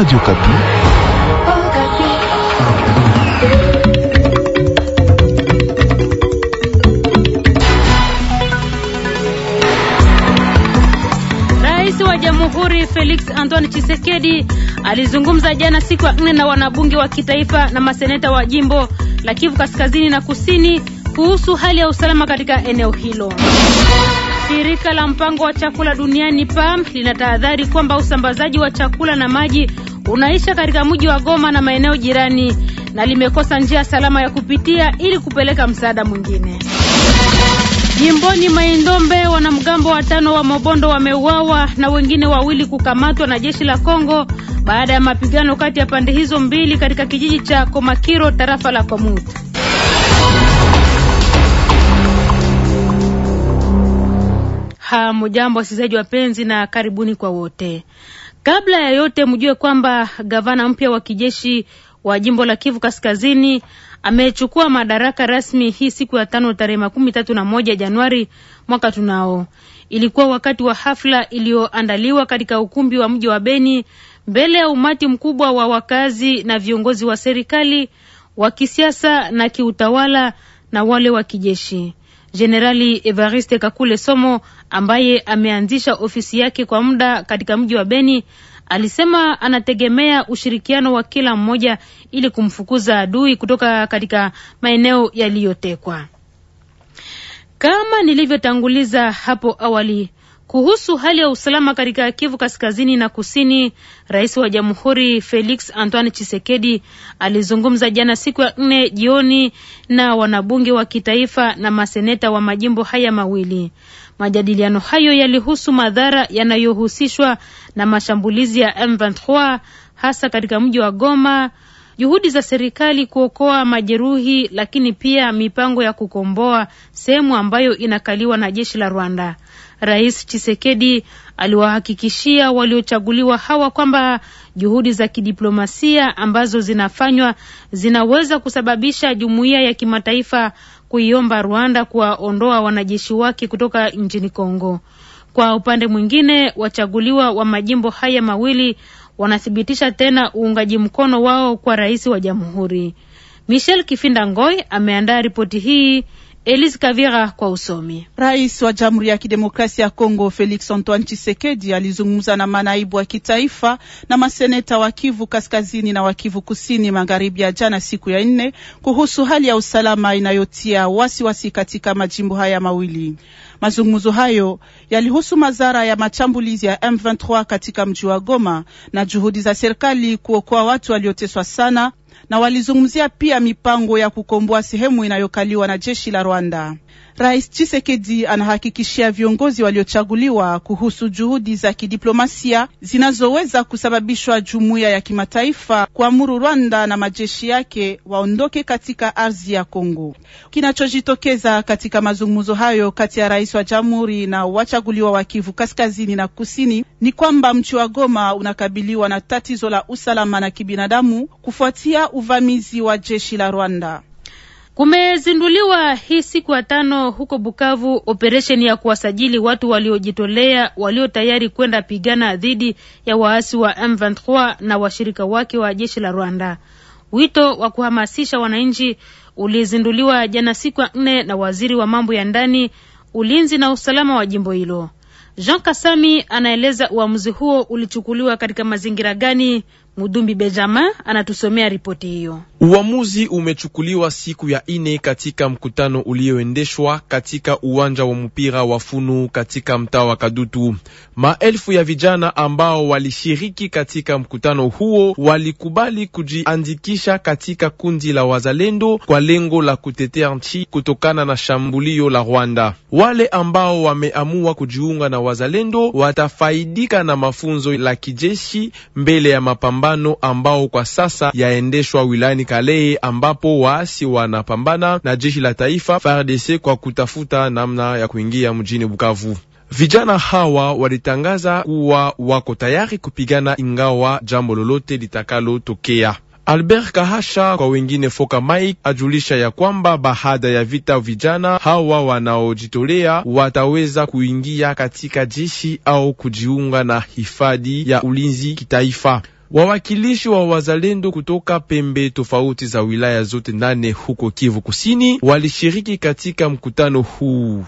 Radio Kapi. Rais wa Jamhuri Felix Antoine Tshisekedi alizungumza jana siku ya nne na wanabunge wa kitaifa na maseneta wa jimbo la Kivu Kaskazini na Kusini kuhusu hali ya usalama katika eneo hilo. Shirika la mpango wa chakula duniani PAM linatahadhari kwamba usambazaji wa chakula na maji unaisha katika mji wa Goma na maeneo jirani na limekosa njia salama ya kupitia ili kupeleka msaada mwingine. Jimboni Maindombe, wanamgambo watano wa Mobondo wameuawa na wengine wawili kukamatwa na jeshi la Kongo baada ya mapigano kati ya pande hizo mbili katika kijiji cha Komakiro, tarafa la Komut. Hamujambo wasikilizaji wapenzi, na karibuni kwa wote. Kabla ya yote, mjue kwamba gavana mpya wa kijeshi wa jimbo la Kivu Kaskazini amechukua madaraka rasmi hii siku ya tano tarehe makumi tatu na moja Januari mwaka tunao. Ilikuwa wakati wa hafla iliyoandaliwa katika ukumbi wa mji wa Beni mbele ya umati mkubwa wa wakazi na viongozi wa serikali wa kisiasa na kiutawala na wale wa kijeshi. Jenerali Evariste Kakule Somo ambaye ameanzisha ofisi yake kwa muda katika mji wa Beni alisema anategemea ushirikiano wa kila mmoja ili kumfukuza adui kutoka katika maeneo yaliyotekwa. Kama nilivyotanguliza hapo awali, kuhusu hali ya usalama katika Kivu kaskazini na kusini, rais wa jamhuri Felix Antoine Chisekedi alizungumza jana siku ya nne jioni na wanabunge wa kitaifa na maseneta wa majimbo haya mawili. Majadiliano hayo yalihusu madhara yanayohusishwa na mashambulizi ya M23 hasa katika mji wa Goma, juhudi za serikali kuokoa majeruhi, lakini pia mipango ya kukomboa sehemu ambayo inakaliwa na jeshi la Rwanda. Rais chisekedi aliwahakikishia waliochaguliwa hawa kwamba juhudi za kidiplomasia ambazo zinafanywa zinaweza kusababisha jumuiya ya kimataifa kuiomba Rwanda kuwaondoa wanajeshi wake kutoka nchini Kongo. Kwa upande mwingine, wachaguliwa wa majimbo haya mawili wanathibitisha tena uungaji mkono wao kwa rais wa jamhuri. Michel Kifinda Ngoy ameandaa ripoti hii Elise Kavira kwa usomi. Rais wa Jamhuri ya Kidemokrasia ya Kongo Felix Antoine Tshisekedi alizungumza na manaibu wa kitaifa na maseneta wa Kivu Kaskazini na wa Kivu Kusini Magharibi ya jana siku ya nne kuhusu hali ya usalama inayotia wasiwasi wasi katika majimbo haya mawili. Mazungumzo hayo yalihusu madhara ya mashambulizi ya M23 katika mji wa Goma na juhudi za serikali kuokoa watu walioteswa sana na walizungumzia pia mipango ya kukomboa sehemu inayokaliwa na jeshi la Rwanda. Rais chisekedi anahakikishia viongozi waliochaguliwa kuhusu juhudi za kidiplomasia zinazoweza kusababishwa jumuiya ya kimataifa kuamuru Rwanda na majeshi yake waondoke katika ardhi ya Kongo. Kinachojitokeza katika mazungumzo hayo kati ya rais wa jamhuri na wachaguliwa wa Kivu Kaskazini na Kusini ni kwamba mji wa Goma unakabiliwa na tatizo la usalama na kibinadamu kufuatia uvamizi wa jeshi la Rwanda. Kumezinduliwa hii siku ya tano huko Bukavu operesheni ya kuwasajili watu waliojitolea walio tayari kwenda pigana dhidi ya waasi wa M23 na washirika wake wa jeshi la Rwanda. Wito wa kuhamasisha wananchi ulizinduliwa jana siku ya nne na waziri wa mambo ya ndani, ulinzi na usalama wa jimbo hilo. Jean Kasami anaeleza uamuzi huo ulichukuliwa katika mazingira gani. Mudumbi Benjamin anatusomea ripoti hiyo. Uamuzi umechukuliwa siku ya ine katika mkutano ulioendeshwa katika uwanja wa mpira wa Funu katika mtaa wa Kadutu. Maelfu ya vijana ambao walishiriki katika mkutano huo walikubali kujiandikisha katika kundi la wazalendo kwa lengo la kutetea nchi kutokana na shambulio la Rwanda. Wale ambao wameamua kujiunga na wazalendo watafaidika na mafunzo la kijeshi mbele ya mapambano ambao kwa sasa yaendeshwa wilayani Kale ambapo waasi wanapambana na jeshi la taifa FARDC kwa kutafuta namna ya kuingia mjini Bukavu. Vijana hawa walitangaza kuwa wako tayari kupigana ingawa jambo lolote litakalotokea. Albert Kahasha kwa wengine Foka Mike ajulisha ya kwamba baada ya vita vijana hawa wanaojitolea wataweza kuingia katika jeshi au kujiunga na hifadhi ya ulinzi kitaifa. Wawakilishi wa wazalendo kutoka pembe tofauti za wilaya zote nane huko Kivu Kusini walishiriki katika mkutano huu.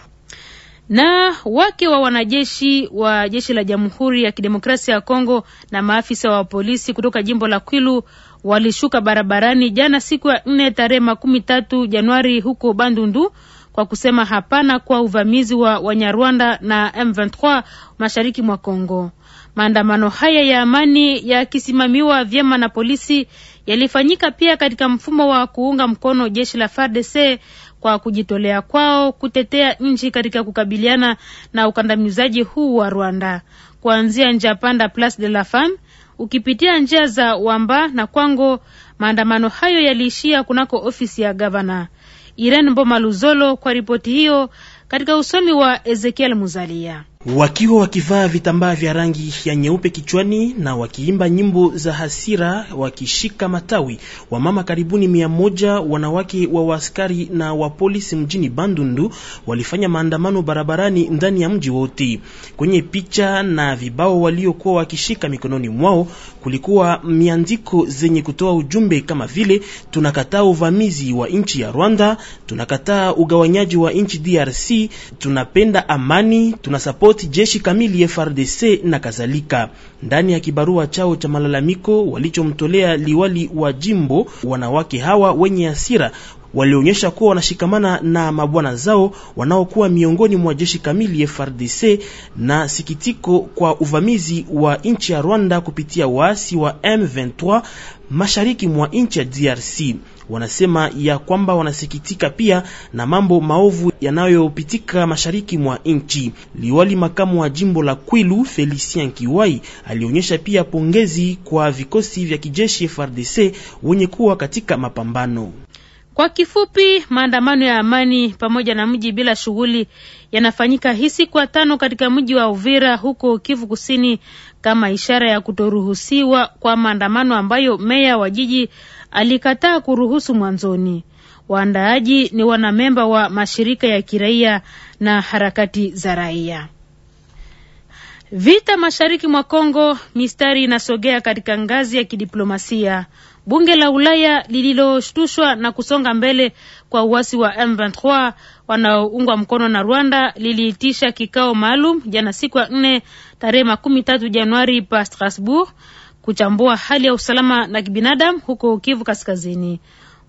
Na wake wa wanajeshi wa jeshi la Jamhuri ya Kidemokrasia ya Kongo na maafisa wa polisi kutoka jimbo la Kwilu walishuka barabarani jana siku ya nne tarehe makumi tatu Januari huko Bandundu kwa kusema hapana kwa uvamizi wa Wanyarwanda na M23 mashariki mwa Kongo. Maandamano haya ya amani yakisimamiwa vyema na polisi yalifanyika pia katika mfumo wa kuunga mkono jeshi la FARDC kwa kujitolea kwao kutetea nchi katika kukabiliana na ukandamizaji huu wa Rwanda, kuanzia njia panda Place de la Femme ukipitia njia za Wamba na Kwango. Maandamano hayo yaliishia kunako ofisi ya gavana. Irene Mboma Luzolo kwa ripoti hiyo katika usomi wa Ezekiel Muzalia wakiwa wakivaa vitambaa vya rangi ya nyeupe kichwani na wakiimba nyimbo za hasira wakishika matawi. Wamama karibuni mia moja wanawake wa waaskari na wa polisi mjini Bandundu walifanya maandamano barabarani ndani ya mji wote. Kwenye picha na vibao waliokuwa wakishika mikononi mwao kulikuwa miandiko zenye kutoa ujumbe kama vile tunakataa uvamizi wa nchi ya Rwanda, tunakataa ugawanyaji wa nchi DRC, tunapenda amani, tunasapoti kuripoti jeshi kamili FRDC na kadhalika. Ndani ya kibarua chao cha malalamiko walichomtolea liwali wa jimbo, wanawake hawa wenye hasira walionyesha kuwa wanashikamana na mabwana zao wanaokuwa miongoni mwa jeshi kamili FRDC na sikitiko kwa uvamizi wa nchi ya Rwanda kupitia waasi wa M23 mashariki mwa nchi ya DRC wanasema ya kwamba wanasikitika pia na mambo maovu yanayopitika mashariki mwa nchi. Liwali makamu wa jimbo la Kwilu Felicien Kiwai alionyesha pia pongezi kwa vikosi vya kijeshi frdc wenye kuwa katika mapambano. Kwa kifupi, maandamano ya amani pamoja na mji bila shughuli yanafanyika hii siku ya tano katika mji wa Uvira huko Kivu Kusini, kama ishara ya kutoruhusiwa kwa maandamano ambayo meya wa jiji alikataa kuruhusu mwanzoni. Waandaaji ni wanamemba wa mashirika ya kiraia na harakati za raia. Vita mashariki mwa Kongo, mistari inasogea katika ngazi ya kidiplomasia. Bunge la Ulaya lililoshtushwa na kusonga mbele kwa uasi wa M23 wanaoungwa mkono na Rwanda liliitisha kikao maalum jana siku ya nne tarehe makumi tatu Januari pa Strasbourg kuchambua hali ya usalama na kibinadamu huko Kivu Kaskazini.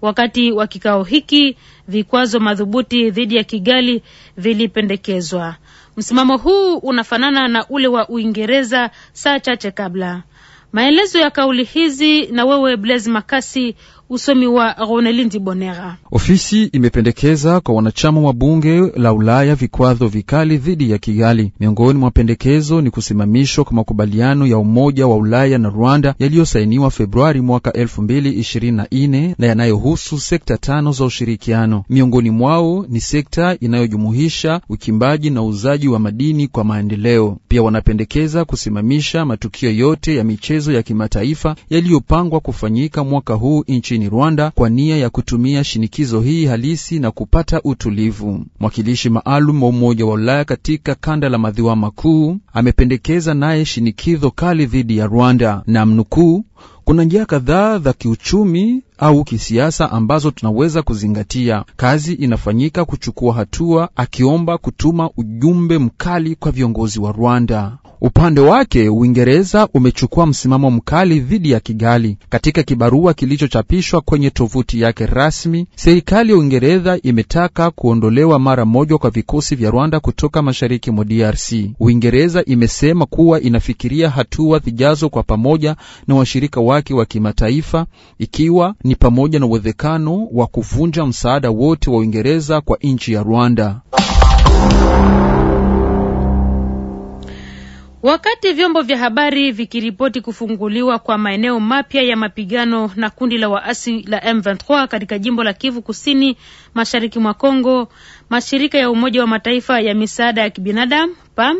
Wakati wa kikao hiki, vikwazo madhubuti dhidi ya Kigali vilipendekezwa. Msimamo huu unafanana na ule wa Uingereza saa chache kabla. Maelezo ya kauli hizi na wewe Blaise Makasi Usomi wa Ronelindi Bonera. Ofisi imependekeza kwa wanachama wa bunge la Ulaya vikwazo vikali dhidi ya Kigali. Miongoni mwa pendekezo ni kusimamishwa kwa makubaliano ya Umoja wa Ulaya na Rwanda yaliyosainiwa Februari mwaka 2024 na yanayohusu sekta tano za ushirikiano. Miongoni mwao ni sekta inayojumuisha ukimbaji na uuzaji wa madini kwa maendeleo. Pia wanapendekeza kusimamisha matukio yote ya michezo ya kimataifa yaliyopangwa kufanyika mwaka huu nchini nchini Rwanda kwa nia ya kutumia shinikizo hii halisi na kupata utulivu. Mwakilishi maalum wa Umoja wa Ulaya katika kanda la Madhiwa Makuu amependekeza naye shinikizo kali dhidi ya Rwanda na mnukuu, kuna njia kadhaa za kiuchumi au kisiasa ambazo tunaweza kuzingatia. Kazi inafanyika kuchukua hatua, akiomba kutuma ujumbe mkali kwa viongozi wa Rwanda. Upande wake Uingereza umechukua msimamo mkali dhidi ya Kigali. Katika kibarua kilichochapishwa kwenye tovuti yake rasmi, serikali ya Uingereza imetaka kuondolewa mara moja kwa vikosi vya Rwanda kutoka mashariki mwa DRC. Uingereza imesema kuwa inafikiria hatua zijazo kwa pamoja na washirika wake wa kimataifa, ikiwa ni pamoja na uwezekano wa kuvunja msaada wote wa Uingereza kwa nchi ya Rwanda. Wakati vyombo vya habari vikiripoti kufunguliwa kwa maeneo mapya ya mapigano na kundi la waasi la M23 katika jimbo la Kivu Kusini, mashariki mwa Kongo, mashirika ya Umoja wa Mataifa ya misaada ya kibinadamu PAM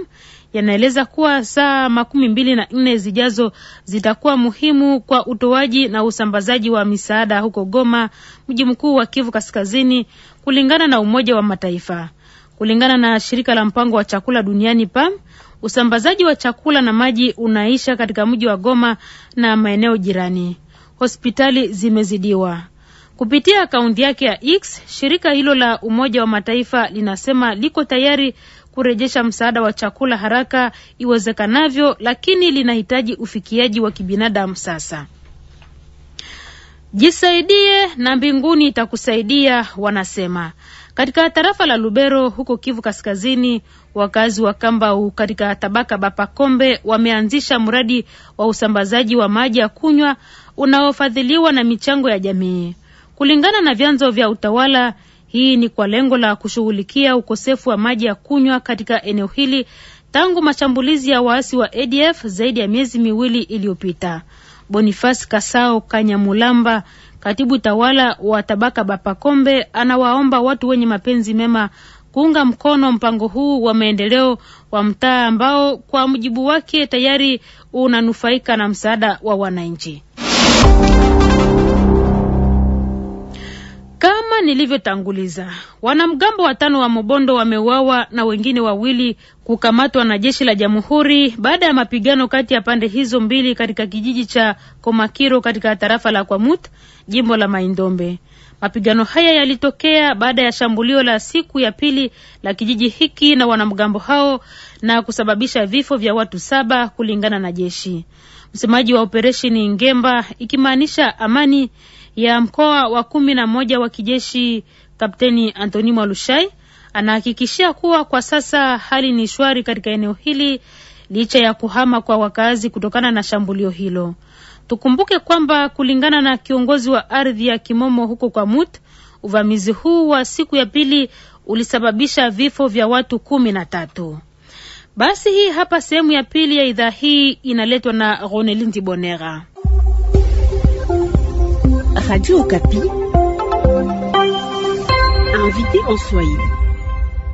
yanaeleza kuwa saa makumi mbili na nne zijazo zitakuwa muhimu kwa utoaji na usambazaji wa misaada huko Goma, mji mkuu wa Kivu Kaskazini, kulingana na Umoja wa Mataifa. Kulingana na shirika la mpango wa chakula duniani PAM, Usambazaji wa chakula na maji unaisha katika mji wa Goma na maeneo jirani. Hospitali zimezidiwa. Kupitia akaunti yake ya X, shirika hilo la Umoja wa Mataifa linasema liko tayari kurejesha msaada wa chakula haraka iwezekanavyo, lakini linahitaji ufikiaji wa kibinadamu sasa. Jisaidie na mbinguni itakusaidia, wanasema. Katika tarafa la Lubero huko Kivu Kaskazini, wakazi wa Kambau katika tabaka Bapakombe wameanzisha mradi wa usambazaji wa maji ya kunywa unaofadhiliwa na michango ya jamii. Kulingana na vyanzo vya utawala, hii ni kwa lengo la kushughulikia ukosefu wa maji ya kunywa katika eneo hili tangu mashambulizi ya waasi wa ADF zaidi ya miezi miwili iliyopita. Bonifas Kasao Kanyamulamba Katibu tawala wa tabaka Bapakombe anawaomba watu wenye mapenzi mema kuunga mkono mpango huu wa maendeleo wa mtaa ambao kwa mujibu wake tayari unanufaika na msaada wa wananchi. nilivyotanguliza, wanamgambo watano wa Mobondo wameuawa na wengine wawili kukamatwa na jeshi la jamhuri baada ya mapigano kati ya pande hizo mbili katika kijiji cha Komakiro katika tarafa la Kwamut, jimbo la Maindombe. Mapigano haya yalitokea baada ya shambulio la siku ya pili la kijiji hiki na wanamgambo hao na kusababisha vifo vya watu saba kulingana na jeshi. Msemaji wa operesheni Ngemba, ikimaanisha amani, ya mkoa wa kumi na moja wa kijeshi Kapteni Antoni Mwalushai anahakikishia kuwa kwa sasa hali ni shwari katika eneo hili licha ya kuhama kwa wakazi kutokana na shambulio hilo. Tukumbuke kwamba kulingana na kiongozi wa ardhi ya Kimomo huko kwa Mut, uvamizi huu wa siku ya pili ulisababisha vifo vya watu kumi na tatu. Basi hii hapa sehemu ya pili ya idhaa hii inaletwa na Ronelindi Bonera. Radio Okapi, invité en soi.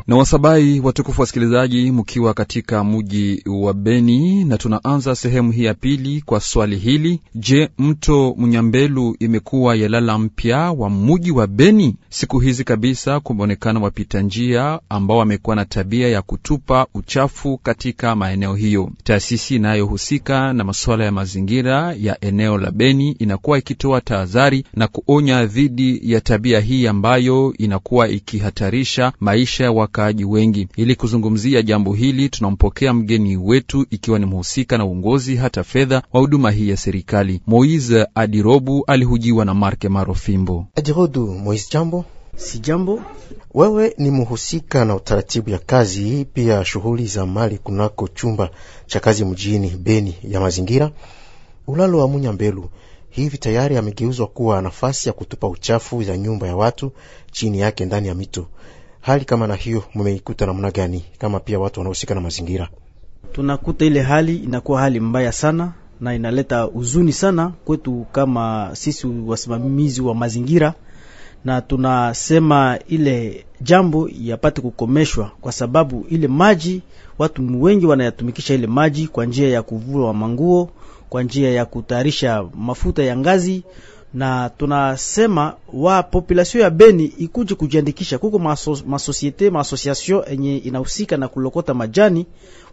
na wasabai watukufu wasikilizaji, mkiwa katika mji wa Beni, na tunaanza sehemu hii ya pili kwa swali hili: Je, mto Mnyambelu imekuwa yalala mpya wa mji wa Beni? Siku hizi kabisa kumeonekana wapita njia ambao wamekuwa na tabia ya kutupa uchafu katika maeneo hiyo. Taasisi inayohusika na masuala ya mazingira ya eneo la Beni inakuwa ikitoa tahadhari na kuonya dhidi ya tabia hii ambayo inakuwa ikihatarisha maisha ya wakaaji wengi. Ili kuzungumzia jambo hili, tunampokea mgeni wetu ikiwa ni mhusika na uongozi hata fedha wa huduma hii ya serikali. Moise Adirobu alihujiwa na Marke Marofimbo. Adirodu Moise, jambo. Si jambo. Wewe ni mhusika na utaratibu ya kazi pia shughuli za mali kunako chumba cha kazi mjini Beni ya mazingira ulalo wa munya mbelu hivi tayari amegeuzwa kuwa nafasi ya kutupa uchafu za nyumba ya watu chini yake ndani ya mito hali kama na hiyo mumeikuta namna gani, kama pia watu wanaohusika na mazingira? Tunakuta ile hali inakuwa hali mbaya sana na inaleta huzuni sana kwetu kama sisi wasimamizi wa mazingira, na tunasema ile jambo yapate kukomeshwa, kwa sababu ile maji watu wengi wanayatumikisha ile maji kwa njia ya kuvua manguo, kwa njia ya kutayarisha mafuta ya ngazi na tunasema wa population ya Beni ikuje kujiandikisha kuko maso, masosiete maasociation enye inahusika na kulokota majani,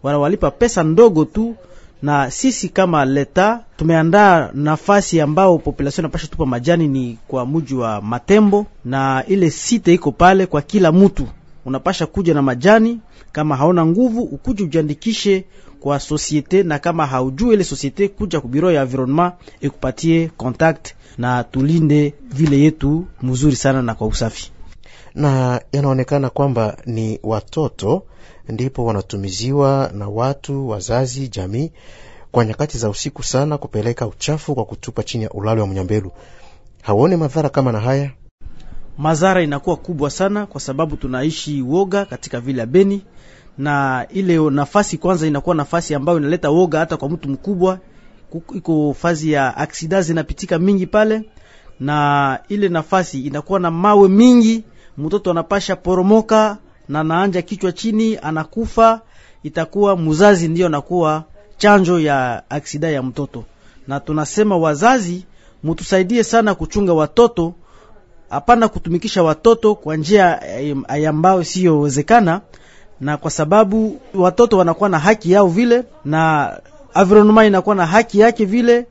wanawalipa pesa ndogo tu, na sisi kama leta tumeandaa nafasi ambao population inapasha tupa majani ni kwa muji wa Matembo, na ile site iko pale kwa kila mutu unapasha kuja na majani. Kama haona nguvu, ukuje ujiandikishe kwa societe, na kama haujue ile societe, kuja ku biro ya environnement ikupatie contact, na tulinde vile yetu mzuri sana na kwa usafi. Na yanaonekana kwamba ni watoto ndipo wanatumiziwa na watu wazazi, jamii kwa nyakati za usiku sana kupeleka uchafu kwa kutupa chini ya ulalo wa mnyambelu. hauone madhara kama na haya madhara inakuwa kubwa sana, kwa sababu tunaishi woga katika vile ya Beni na ile nafasi kwanza inakuwa nafasi ambayo inaleta woga hata kwa mtu mkubwa. Iko fazi ya aksida zinapitika mingi pale, na ile nafasi inakuwa na mawe mingi, mtoto anapasha poromoka na naanja kichwa chini, anakufa. Itakuwa mzazi ndiyo anakuwa chanjo ya aksida ya mtoto, na tunasema wazazi mutusaidie sana kuchunga watoto, hapana kutumikisha watoto kwa njia eh, ambayo siyowezekana na kwa sababu watoto wanakuwa na haki yao vile na avironuma inakuwa na haki yake vile,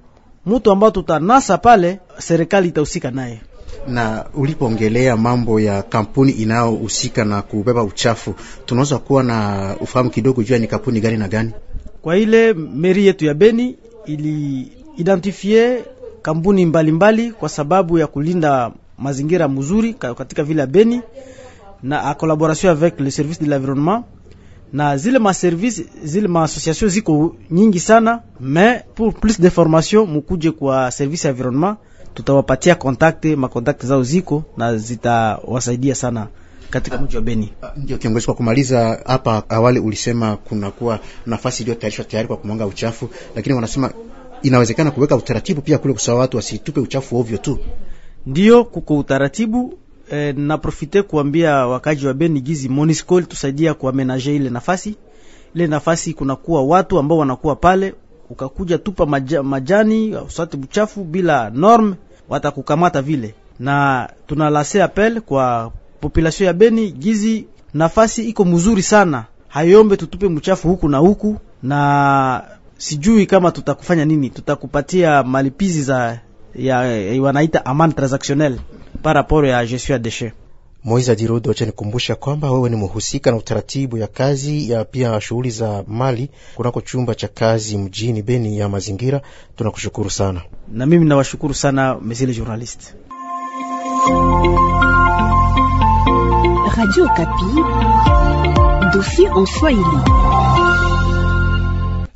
mtu ambao tutanasa pale, serikali itahusika naye. Na ulipoongelea mambo ya kampuni inayohusika na kubeba uchafu, tunaweza kuwa na ufahamu kidogo juu ya ni kampuni gani na gani? Kwa ile meri yetu ya Beni iliidentifie kampuni mbalimbali mbali kwa sababu ya kulinda mazingira mzuri katika vile ya Beni na a collaboration avec le service de l'environnement na zile ma service zile ma association ziko nyingi sana mais pour plus de formation mukuje kwa service environnement, tutawapatia contact ma contact zao ziko na zitawasaidia sana katika mji wa Beni. Ah, ndio kiongozi, kwa kumaliza hapa, awali ulisema kunakuwa nafasi iliyotayarishwa tayari kwa kumwanga uchafu, lakini wanasema inawezekana kuweka utaratibu pia kule kusawa watu wasitupe uchafu ovyo tu. Ndio kuko utaratibu eh, naprofite kuambia wakaji wa Beni gizi Monisco tusaidia kuamenaje ile nafasi. Ile nafasi kunakuwa watu ambao wanakuwa pale, ukakuja tupa maja, majani usati buchafu bila norm, watakukamata vile, na tuna lase appel kwa population ya Beni gizi, nafasi iko mzuri sana, hayombe tutupe mchafu huku na huku, na sijui kama tutakufanya nini, tutakupatia malipizi za ya eh, wanaita amani transactionnel par rapport ya gestion ya déchets. Moise Adirodo, acha nikumbusha kwamba wewe ni mhusika na utaratibu ya kazi ya pia shughuli za mali kunako chumba cha kazi mjini Beni ya mazingira. Tunakushukuru sana. Na mimi nawashukuru sana mesile journalist Radio Kapi dofi en Swahili.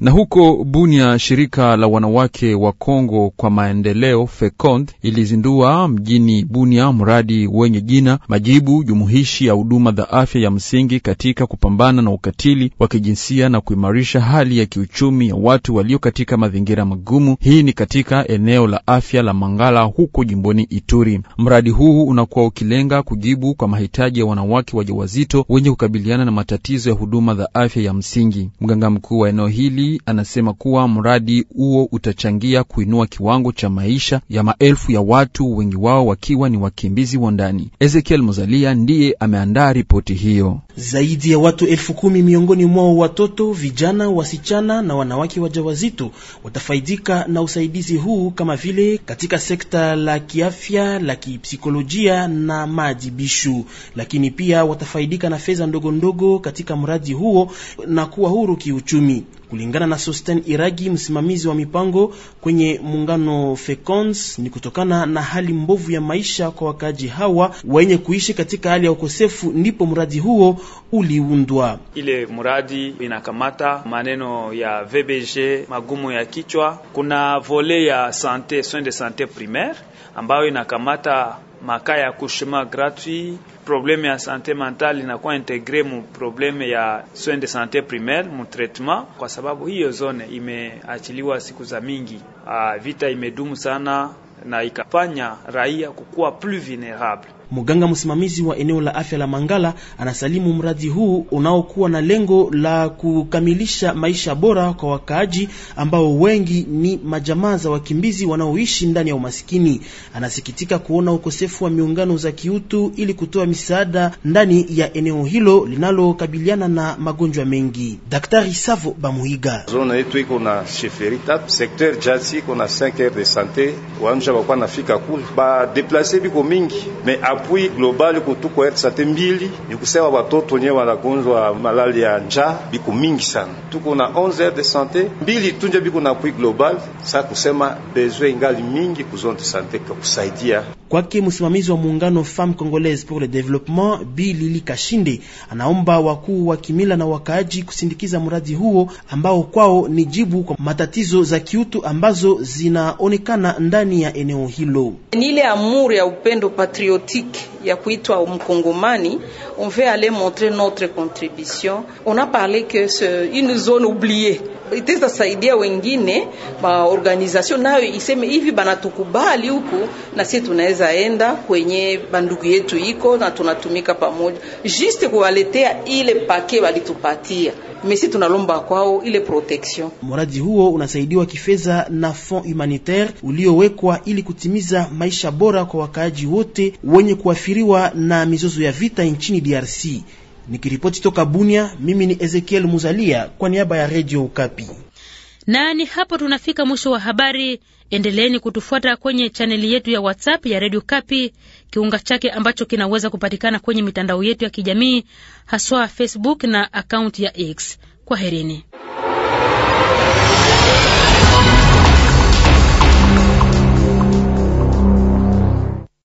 Na huko Bunia, shirika la wanawake wa Kongo kwa maendeleo FECOND ilizindua mjini Bunia mradi wenye jina majibu jumuishi ya huduma za afya ya msingi katika kupambana na ukatili wa kijinsia na kuimarisha hali ya kiuchumi ya watu walio katika mazingira magumu. Hii ni katika eneo la afya la Mangala huko jimboni Ituri. Mradi huu unakuwa ukilenga kujibu kwa mahitaji ya wanawake wajawazito wenye kukabiliana na matatizo ya huduma za afya ya msingi. Mganga mkuu wa eneo hili anasema kuwa mradi huo utachangia kuinua kiwango cha maisha ya maelfu ya watu, wengi wao wakiwa ni wakimbizi wa ndani. Ezekiel Mozalia ndiye ameandaa ripoti hiyo. Zaidi ya watu elfu kumi miongoni mwao watoto, vijana, wasichana na wanawake wajawazito watafaidika na usaidizi huu, kama vile katika sekta la kiafya, la kipsikolojia na maajibisho, lakini pia watafaidika na fedha ndogo ndogo katika mradi huo na kuwa huru kiuchumi. Kulingana na Sosten Iragi, msimamizi wa mipango kwenye muungano FECONS, ni kutokana na hali mbovu ya maisha kwa wakaaji hawa wenye kuishi katika hali ya ukosefu, ndipo mradi huo uliundwa. Ile mradi inakamata maneno ya VBG, magumu ya kichwa. Kuna vole ya sante soins de sante primaire ambayo inakamata makaa ya kushema gratuit probleme ya sante mentale inakuwa integre mu probleme ya soin de sante primaire mu traitement, kwa sababu hiyo zone imeachiliwa siku za mingi. Aa, ah, vita imedumu sana na ikafanya raia kukuwa plus vulnerable. Mganga msimamizi wa eneo la afya la Mangala anasalimu mradi huu unaokuwa na lengo la kukamilisha maisha bora kwa wakaaji ambao wengi ni majamaa za wakimbizi wanaoishi ndani ya umasikini. Anasikitika kuona ukosefu wa miungano za kiutu ili kutoa misaada ndani ya eneo hilo linalokabiliana na magonjwa mengi. Daktari Savo Bamuiga: zona yetu iko na sheferi tatu sekter jasi iko na 5 heures de sante wanja bakwa nafika kule ba deplase biko mingi me apui globali kutuko elfu mbili ni kusema watoto wenyewe wanagonjwa malali ya njaa biko mingi sana. Tuko na 11 heures de santé mbili tunje biko na apui global, sa kusema besoin ingali mingi kuzonde sante kwa kusaidia kwake. Msimamizi wa muungano Femme Congolaise pour le Développement Bi Lili Kashinde anaomba wakuu wa kimila na wakaaji kusindikiza mradi huo ambao kwao ni jibu kwa matatizo za kiutu ambazo zinaonekana ndani ya eneo hilo. Ni ile amuri ya upendo patriotiki symbolique ya kuitwa Mkongomani, on veut aller montrer notre contribution. On a parlé que c'est une zone oubliée iteza saidia wengine maorganization nayo iseme hivi banatukubali huku, na sisi tunaweza enda kwenye bandugu yetu iko na tunatumika pamoja, juste kuwaletea ile pake walitupatia mesi, tunalomba kwao ile protection. Mradi huo unasaidiwa kifedha na fond humanitaire uliowekwa ili kutimiza maisha bora kwa wakaaji wote wenye kuathiriwa na mizozo ya vita nchini DRC. Nikiripoti toka Bunia, mimi ni Ezekiel Muzalia kwa niaba ya Redio Ukapi. Na ni hapo tunafika mwisho wa habari. Endeleeni kutufuata kwenye chaneli yetu ya WhatsApp ya Redio Kapi, kiunga chake ambacho kinaweza kupatikana kwenye mitandao yetu ya kijamii haswa Facebook na akaunti ya X. Kwaherini.